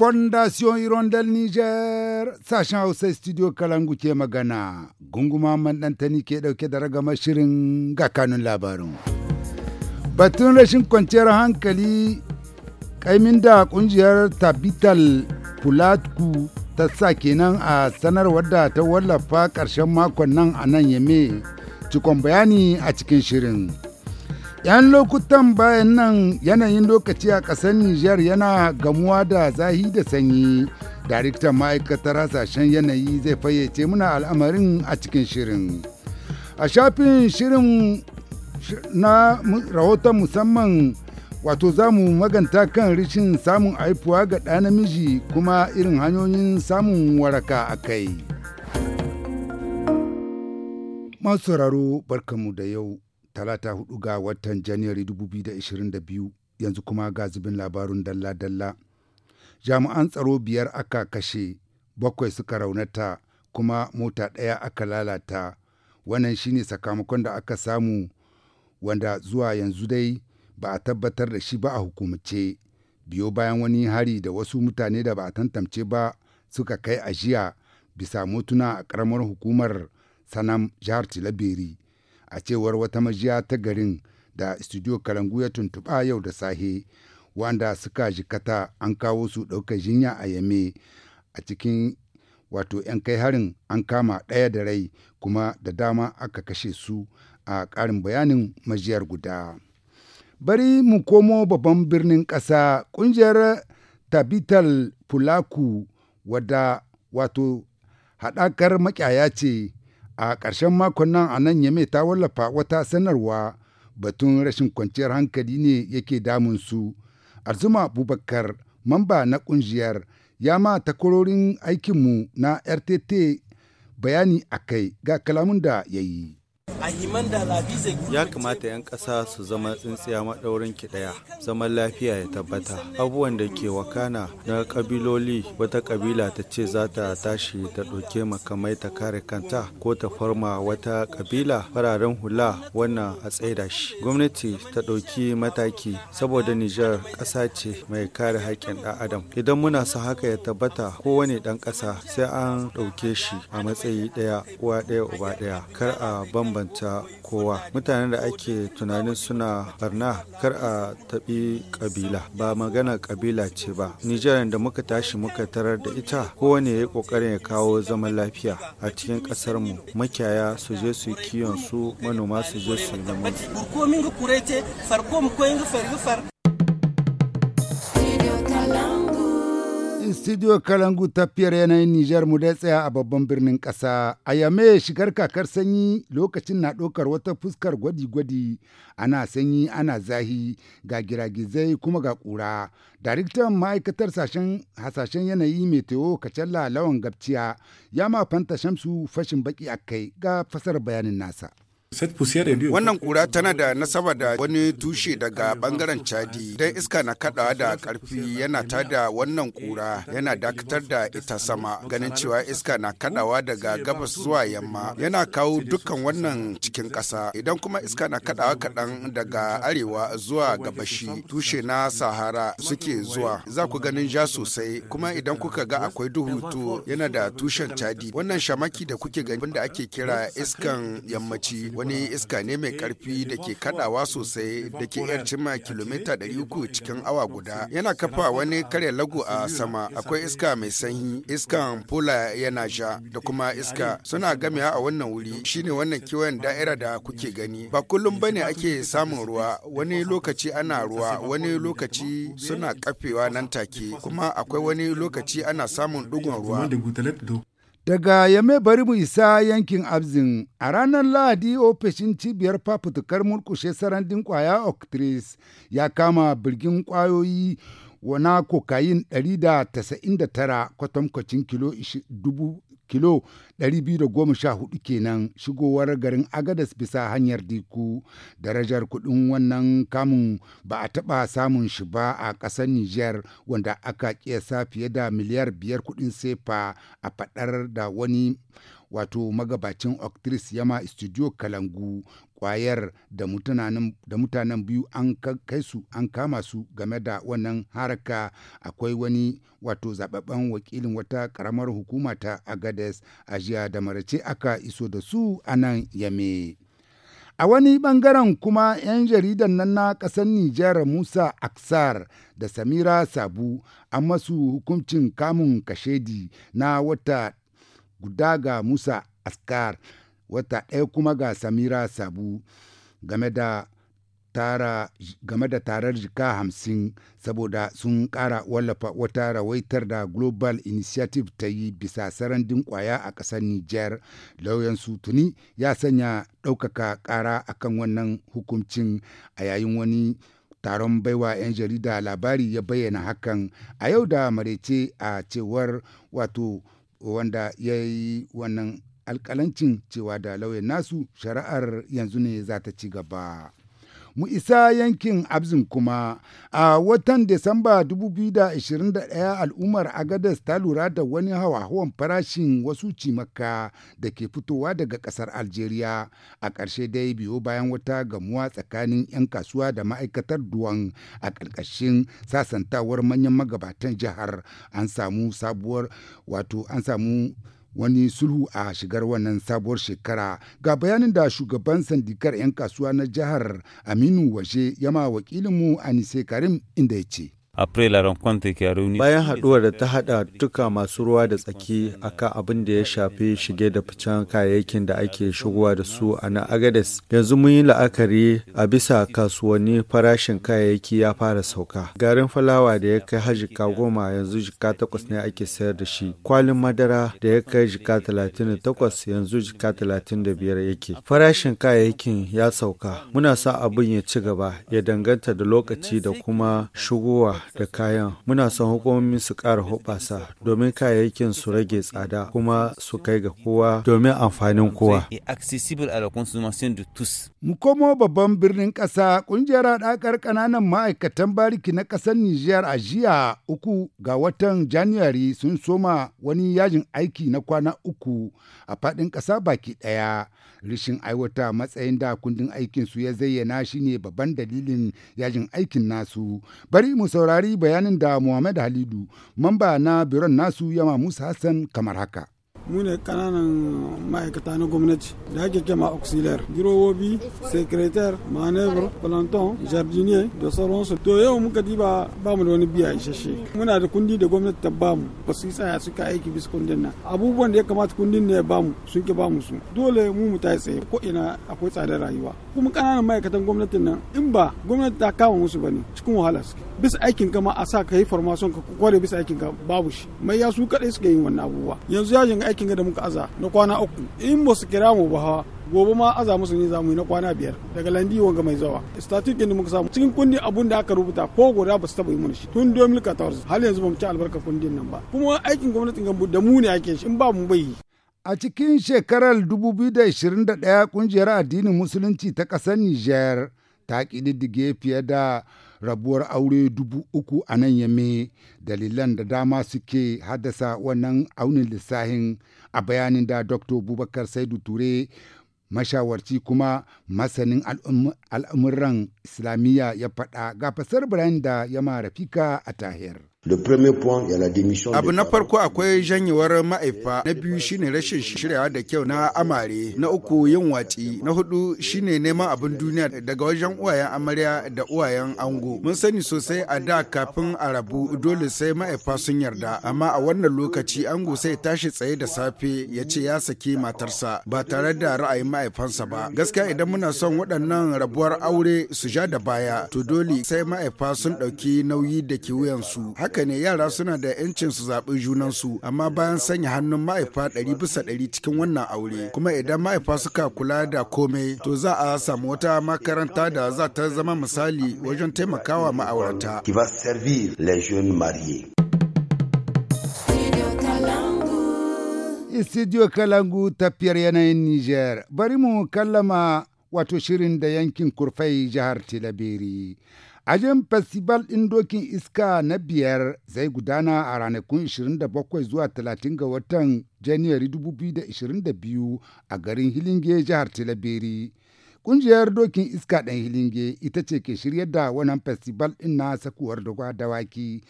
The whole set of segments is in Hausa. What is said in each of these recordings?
Fondation Hirondel Niger sashen Hausa Studio Kalangu ke magana gunguma mandantani ke dauke da ragamar shirin ga kanun labarin. Batun rashin kwanciyar hankali kaimin da kungiyar Tabital Fulatku ta sa kenan a sanarwar da ta wallafa ƙarshen makon nan a nan yame cikon bayani a cikin shirin. 'yan lokutan bayan nan yanayin lokaci a ƙasar Nijar yana gamuwa da zahi da sanyi. Daraktan ma'aikatar hasashen yanayi zai fayyace muna al'amarin a cikin shirin. A shafin shirin na rahoton musamman wato za mu maganta kan rishin samun haifuwa ga ɗa namiji kuma irin hanyoyin samun waraka a kai. Masu sauraro barkamu da yau. talata hudu ga watan janairu 2022 yanzu kuma ga zubin labarun dalla-dalla. Jami'an tsaro biyar aka kashe, bakwai suka raunata kuma mota ɗaya aka lalata. Wannan shine sakamakon da aka samu wanda zuwa yanzu dai ba a tabbatar da shi ba a hukumce. Biyo bayan wani hari da wasu mutane da ba a tantance ba suka kai a jiya bisa motuna a ƙaramar hukumar sanam jihar Tilaberi. a cewar wata majiya ta garin da studio kalangu ya tuntuɓa yau da sahe wanda suka jikata an kawo su ɗaukar jinya a yame a cikin wato 'yan kai harin an kama ɗaya da rai kuma da dama aka kashe su a ƙarin bayanin majiyar guda bari mu komo babban birnin ƙasa ƙungiyar tabital fulaku wadda wato haɗakar makyaya ce a ƙarshen makon nan a nan yame ta wallafa wata sanarwa batun rashin kwanciyar hankali ne yake damun su arzuma abubakar mamba na ƙungiyar ya ma takwarorin aikinmu na rtt bayani a kai ga kalamun da ya yi Ya kamata 'yan ƙasa su zama tsintsiya maɗaurin ki ɗaya, zaman lafiya ya tabbata. Abubuwan da ke wakana na ƙabiloli wata ƙabila ta ce za ta tashi ta ɗauke makamai ta kare kanta ko ta farma wata ƙabila fararen hula wannan a tsaida shi. Gwamnati ta ɗauki mataki saboda Nijar ƙasa ce mai kare haƙƙin ɗan adam. Idan muna sa haka ya tabbata kowane ɗan ƙasa sai an ɗauke shi a matsayi ɗaya uwa ɗaya uba ɗaya kar a bambanta ta kowa mutanen da ake tunanin suna barna kar a taɓi ƙabila ba magana ƙabila ce ba nijar da muka tashi muka tarar da ita kowane ya yi ƙoƙarin ya kawo zaman lafiya a cikin ƙasar mu makiyaya su je su kiyon su manoma su je su yi studio kalangu tafiyar yanayin Nijar mu dai tsaya a babban birnin ƙasa. A yame shigar kakar sanyi lokacin na ɗaukar wata fuskar gwadi-gwadi ana sanyi ana zahi ga giragizai kuma ga ƙura. Daraktan ma'aikatar hasashen yanayi meteo kacalla lawan gabciya ya ma fanta shamsu fashin baki a kai ga fasar bayanin nasa. Wannan kura tana da nasaba da wani tushe daga bangaren Chadi. Dan iska na kadawa da karfi yana tada wannan kura yana dakatar da ita sama ganin cewa iska na kadawa daga gabas zuwa yamma yana kawo dukkan wannan cikin kasa Idan kuma iska na kadawa kaɗan daga arewa zuwa gabashi tushe na Sahara suke zuwa za ku ganin ja sosai kuma idan kuka ga akwai duhu to yana da tushen Chadi. Wannan shamaki da kuke gani da ake kira iskan yammaci wani iska ne mai karfi da ke kadawa sosai da ke yar cima kilomita 300 cikin awa guda yana kafa wani karya lagu a sama akwai iska mai sanyi iskan pula yana ja da kuma iska suna gamiya a wannan wuri shine wannan kiwon da'ira da kuke gani ba kullum bane ake samun ruwa wani lokaci ana ruwa wani lokaci suna kafewa nan take kuma akwai wani lokaci ana samun dugun ruwa Daga Yame bari mu isa yankin Abzin a ranar Lahadi ofishin cibiyar fafutukar murkushe sarandin kwaya Octris ya kama birgin kwayoyi wana kokain 199 kwatankwacin kilo dubu kilo 214 kenan shigowar garin agadas bisa hanyar diku darajar kuɗin wannan kamun ba a taba samun shi ba a ƙasar niger wanda aka sa fiye da miliyar biyar kuɗin sefa a faɗar da wani wato magabacin octris yama studio kalangu kwayar da mutanen biyu an kai su an kama su game da wannan haraka akwai wani wato zababben wakilin wata karamar hukuma ta agades a jiya da marace aka iso da su a nan yame a wani bangaren kuma 'yan jaridan nan na ƙasar nijar musa aksar da samira sabu an masu hukuncin kamun kashedi na wata guda ga musa askar wata ɗaya kuma ga samira sabu game da tara game da tarar jika hamsin saboda sun ƙara wallafa wata rawaitar da global initiative ta yi bisa sarandin kwaya a ƙasar niger lauyan tuni ya sanya ɗaukaka ƙara akan wannan hukuncin a yayin wani taron baiwa 'yan jarida labari ya bayyana hakan a yau da marece a cewar wato wanda ya yi wannan alkalancin cewa da lauyan nasu shari'ar yanzu ne za ta ci gaba. mu isa yankin abzin kuma a watan Desamba 2021 al'ummar agadas ta lura da wani hawa farashin wasu cimaka da ke fitowa daga kasar Algeria a ƙarshe dai biyo bayan wata gamuwa tsakanin 'yan kasuwa da ma'aikatar duwan a ƙarƙashin sasantawar manyan magabatan jihar an samu sabuwar wato an samu wani sulhu a shigar wannan sabuwar shekara ga bayanin da shugaban sandikar 'yan kasuwa na jihar aminu waje yama wakilinmu anise karim inda ya ce Bayan haɗuwar da ta haɗa tuka masu ruwa da tsaki akan abin da ya shafi shige da ficen kayayyakin da ake shigowa da su a na Agades, yanzu mun yi la'akari a bisa kasuwanni farashin kayayyaki ya fara sauka. Garin falawa da ya kai har jika goma yanzu jika takwas ne ake sayar da shi. Kwalin madara da ya kai jika talatin da takwas yanzu jika talatin da biyar yake. Farashin kayayyakin ya sauka. Muna sa abin ya ci gaba ya danganta da lokaci da kuma shigowa da kayan muna son hukumomi su ƙara hoɓasa domin kayayyakin su rage tsada kuma su kai ga kowa domin amfanin kowa. Mu komo babban birnin ƙasa ƙungiyar haɗakar ƙananan ma'aikatan bariki na ƙasar Nijiyar a jiya uku ga watan Januwari sun soma wani yajin aiki na kwana uku a faɗin ƙasa baki ɗaya. Rishin aiwata matsayin da kundin aikin su ya zayyana shine babban dalilin yajin aikin nasu. Bari mu saurari bayanin da Muhammad Halidu, mamba na biron nasu yama Musa Hassan kamar haka. mu ne kananan ma'aikata na gwamnati da ake kema auxiliar girowobi secretary maneuver planton jardinier da sauransu to yau muka diba ba mu da wani biya isasshe muna da kundi da gwamnati ta bamu ba su tsaya suka aiki bisa kundin nan abubuwan da ya kamata kundin ne ya bamu sun ke bamu su dole mu mu ta tsaye ko ina akwai tsadar rayuwa kuma kananan ma'aikatan gwamnatin nan in ba gwamnati ta kama musu ba ne cikin wahala suke bisa aikin ka ma a sa ka yi formation ka kware bisa aikin ka babu shi mai ya su kadai suka yi wannan abubuwa yanzu yajin aiki aikin da muka aza na kwana uku in ba su kira mu ba gobe ma aza musu ne zamu yi na kwana biyar daga landi wanga mai zawa statut din muka samu cikin kundi abun da aka rubuta ko guda ba su taba yi mana shi tun 2014 har yanzu ba mu ci albarka kundin nan ba kuma aikin gwamnatin gambu da mu ne ake shi in ba mu bai A cikin shekarar 2021 kungiyar addinin musulunci ta ƙasar niger ta ƙididdige fiye da rabuwar aure dubu uku a nan yame dalilan da dama suke haddasa wannan aunin lissahin a bayanin da dr bubakar saidu ture mashawarci kuma masanin al'amuran islamiyya ya faɗa ga fasar bayan da ya marafika a tahir Abu na farko akwai janyewar ma'aifa, na biyu shine rashin shiryawa da kyau na amare, na uku yin watsi, na hudu shine neman abin duniya daga wajen uwayen amarya da uwayen ango. Mun sani sosai a da kafin a rabu dole sai ma'aifa sun yarda, amma a wannan lokaci ango sai tashi tsaye da safe ya ce ya saki matarsa ba tare da ra'ayin ma'aifansa ba. Gaskiya idan muna son waɗannan rabuwar aure su ja da baya, to dole sai ma'aifa sun ɗauki nauyi da ke wuyansu. haka ne yara suna da 'yancin su zaɓi su. amma bayan sanya hannun ma'aifa ɗari bisa ɗari cikin wannan aure kuma idan ma'aifa suka kula da komai to za a samu wata makaranta da za ta zama misali wajen taimakawa ma'aurata. Studio Kalangu tafiyar yanayin Niger, bari mu kallama wato shirin da yankin kurfai jihar Tilabiri. Ajin festival ɗin dokin iska na biyar zai gudana a ranakun 27 zuwa 30 ga watan Janairu 2022 a garin Hilinge jihar Tilaberi. Ƙungiyar dokin iska ɗan Hilinge ita ce ke shirya da wannan festival ɗin na sakuwar dawaki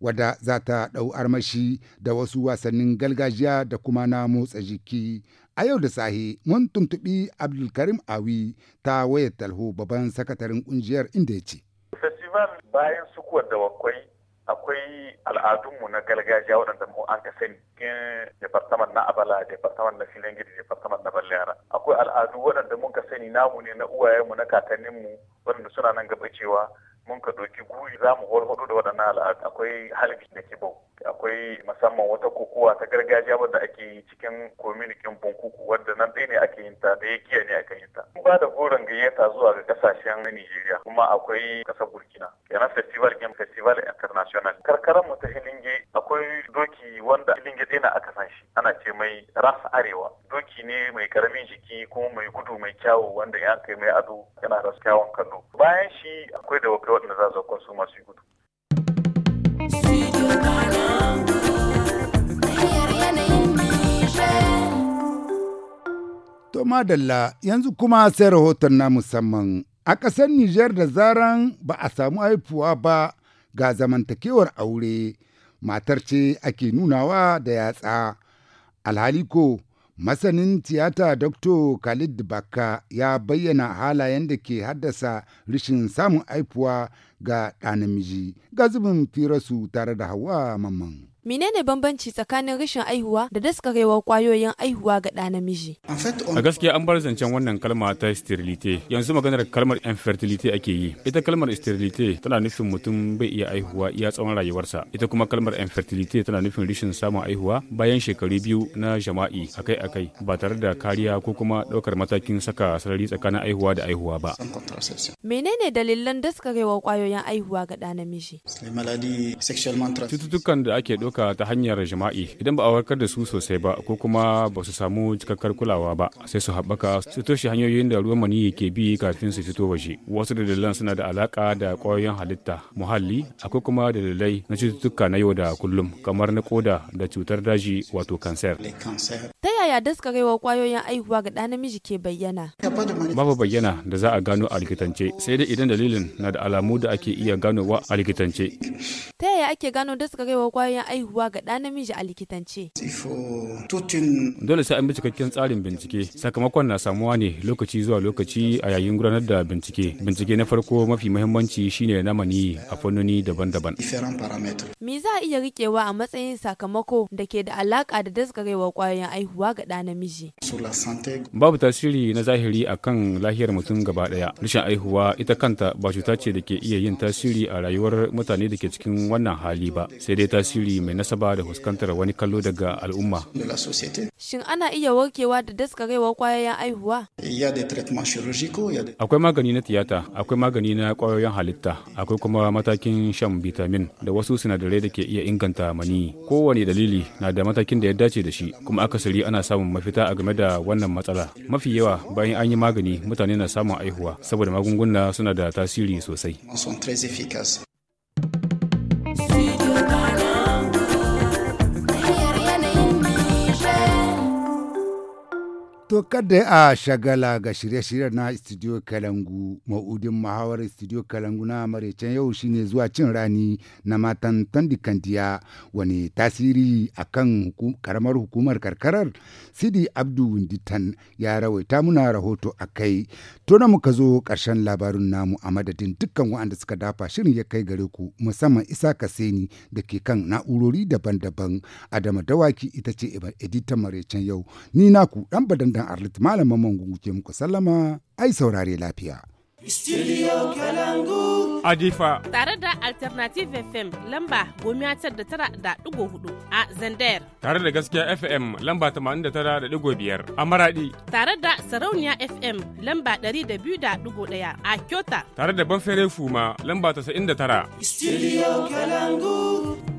wadda za ta ɗau armashi da wasu wasannin gargajiya da kuma na motsa jiki. A yau da sahi mun tuntuɓi Abdulkarim Awi ta wayar talho babban sakataren ƙungiyar inda ya ce. nan bayan sukuwar da wakwai akwai al'adunmu na gargajiya waɗanda mu an ka sani cikin departaman na abala departaman na filin gidi departaman na balyara akwai al'adu waɗanda mun ka sani namu ne na uwayenmu na kakanninmu waɗanda suna nan gaba cewa mun ka doki guri za mu warwado da waɗannan al'adu akwai halbi da kibau akwai musamman wata kokowa ta gargajiya wadda ake yi cikin kominikin bunkuku wadda nan ɗaya ne ake yin da ya giya ne aka yinta. ta mun ba da goron gayyata zuwa ga kasashen Nijeriya kuma akwai ƙasar Burkina kenan festival game festival international karkaran mu ta Hilinge akwai doki wanda Hilinge ɗaya na aka san shi ana ce mai ras arewa jiki ne mai karamin jiki kuma mai gudu mai kyawu wanda ya kai mai ado yana da kyawun kallo bayan shi akwai da wakilai waɗanda za su zaukon su masu gudu. To madalla yanzu kuma sai rahoton na musamman a ƙasar Nijar da zaran ba a samu haifuwa ba ga zamantakewar aure matar ce ake nunawa da yatsa alhali ko Masanin tiyata Dr. Khalid Bakka ya bayyana halayen da ke haddasa rashin samun aifuwa ga ɗanamiji, namiji, ga zubin firarsu tare da hawa Mamman. Menene bambanci tsakanin rashin aihuwa da daskarewar kwayoyin aihuwa ga ɗa namiji? A gaskiya an bar zancen wannan kalma ta sterilite. Yanzu maganar kalmar infertility ake yi. Ita kalmar sterilite tana nufin mutum bai iya aihuwa iya tsawon rayuwarsa. Ita kuma kalmar infertility tana nufin rashin samun aihuwa bayan shekaru biyu na jama'i akai-akai ba tare da kariya ko kuma ɗaukar matakin saka sarari tsakanin aihuwa da aihuwa ba. Menene dalilan daskarewar kwayoyin aihuwa ga ɗa namiji? Cututtukan da ake ɗauka haka ta hanyar jima'i idan ba a warkar da su sosai ba ko kuma ba su samu cikakkar kulawa ba sai su haɓaka su toshe hanyoyin da ruwan maniyyi ke bi kafin su fito waje wasu dalilan suna da alaka da ƙwayoyin halitta muhalli akwai kuma dalilai na cututtuka na yau da kullum kamar na koda da cutar daji wato kanser ta yaya daskarewar ƙwayoyin aihuwa ga ɗa namiji ke bayyana babu bayyana da za a gano a likitance sai dai idan dalilin na da alamu da ake iya ganowa a likitance ta yaya ake gano daskarewar ƙwayoyin aihuwa haihuwa ga ɗa namiji a likitance. Dole sai an bi cikakken tsarin bincike. Sakamakon na samuwa ne lokaci zuwa lokaci a yayin gudanar da bincike. Bincike na farko mafi mahimmanci shine na mani a fannoni daban-daban. Me za a iya riƙewa a matsayin sakamako da ke da alaƙa da daskarewar ƙwayoyin haihuwa ga ɗa namiji? Babu tasiri na zahiri akan lahiyar mutum gaba ɗaya. Rashin haihuwa ita kanta ba cuta ce da ke iya yin tasiri a rayuwar mutane da ke cikin wannan hali ba. Sai dai tasiri mai nasaba da fuskantar wani kallo daga al'umma. Shin ana iya warkewa da daskarewar kwayoyin aihuwa? Akwai magani na tiyata, akwai magani na kwayoyin halitta, akwai kuma matakin shan bitamin da wasu sinadarai da ke iya inganta mani Kowane dalili na da matakin da ya dace da shi, kuma akasari ana samun mafita a game da wannan matsala. Mafi yawa bayan an yi magani mutane na samun aihuwa saboda magunguna suna da tasiri sosai. Studio To kada a shagala ga shirye-shiryen na Studio Kalangu, ma'udin mahawar Studio Kalangu na maraicen yau shine zuwa cin rani na matan tandikandiya wani tasiri a kan karamar hukumar karkarar Sidi Abdu Winditan ya rawaita muna rahoto a kai. Tona muka zo ƙarshen labarin namu a madadin dukkan waɗanda suka dafa shirin ya kai gare ku musamman Isa Kaseni da ke kan na'urori daban-daban. Adama Dawaki ita ce editan maraicen yau. Ni naku ɗan badan nan Arlit Malam Mamman ke muku sallama ai saurare lafiya. Studio Kalangu. Adifa. Tare da Alternative FM lamba gomiya tar da tara da ɗigo hudu a zander. Tare da gaskiya FM lamba tamanin da tara da ɗigo biyar a Maradi. Tare da Sarauniya FM lamba ɗari da biyu da ɗigo ɗaya a Kyota. Tare da Banfere Fuma lamba tasa'in da tara. Studio Kalangu.